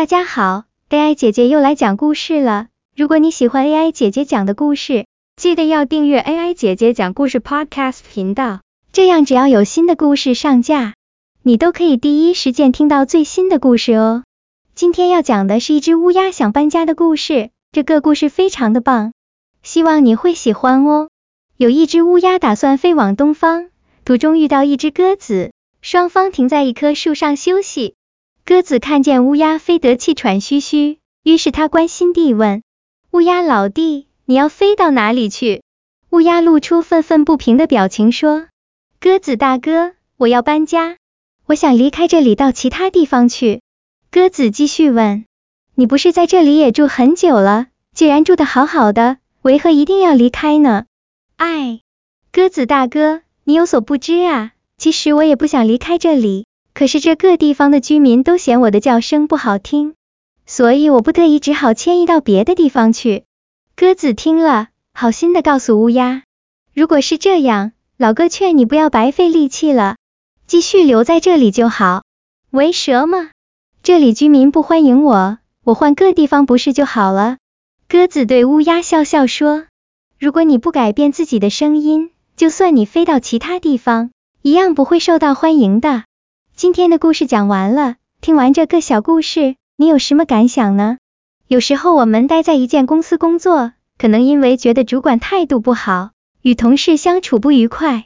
大家好，AI 姐姐又來講故事了。如果你喜歡 AI 姐姐講的故事，記得要訂閱 AI 姐姐講故事 podcast 頻道，這樣只要有新的故事上架，你都可以第一時間聽到最新的故事哦。今天要講的是一隻烏鴉想搬家的故事，這個故事非常的棒，希望你會喜歡哦。有一隻烏鴉打算飛往東方，途中遇到一隻鴿子，雙方停在一棵樹上休息。鴿子看見烏鴉飛得氣喘吁吁，於是他關心地問：“烏鴉老弟，你要飛到哪裡去？”烏鴉露出憤憤不平的表情說：“鴿子大哥，我要搬家，我想離開這裡到其他地方去。”鴿子繼續問：“你不是在這裡也住很久了？既然住得好好的，為何一定要離開呢？”“哎，鴿子大哥，你有所不知啊，其實我也不想離開這裡。”可是這個地方的居民都嫌我的叫聲不好聽，所以我不得已只好遷移到別的地方去。鴿子聽了，好心地告訴烏鴉，如果是這樣，老哥勸你不要白費力氣了，繼續留在這裡就好。為什麼？這裡居民不歡迎我，我換個地方不是就好了？鴿子對烏鴉笑笑說，如果你不改變自己的聲音，就算你飛到其他地方，一樣不會受到歡迎的。今天的故事講完了，聽完這個小故事，你有什麼感想呢？有時候我們待在一間公司工作，可能因為覺得主管態度不好，與同事相處不愉快，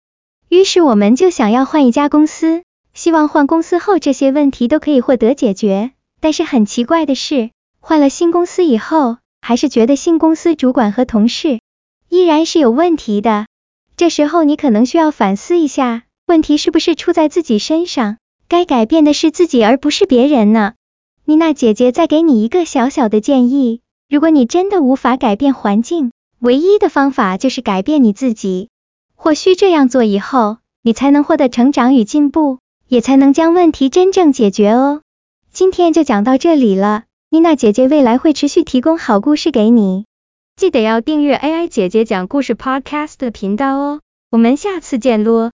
於是我們就想要換一家公司，希望換公司後這些問題都可以獲得解決。但是很奇怪的是，換了新公司以後，還是覺得新公司主管和同事依然是有問題的。這時候你可能需要反思一下，問題是不是出在自己身上？該改變的是自己，而不是別人呢。妮娜姐姐再給你一個小小的建議，如果你真的無法改變環境，唯一的方法就是改變你自己。或許這樣做以後，你才能獲得成長與進步，也才能將問題真正解決哦。今天就講到這裡了，妮娜姐姐未來會持續提供好故事給你，記得要訂閱 AI 姐姐講故事 Podcast 的頻道哦。我們下次見咯。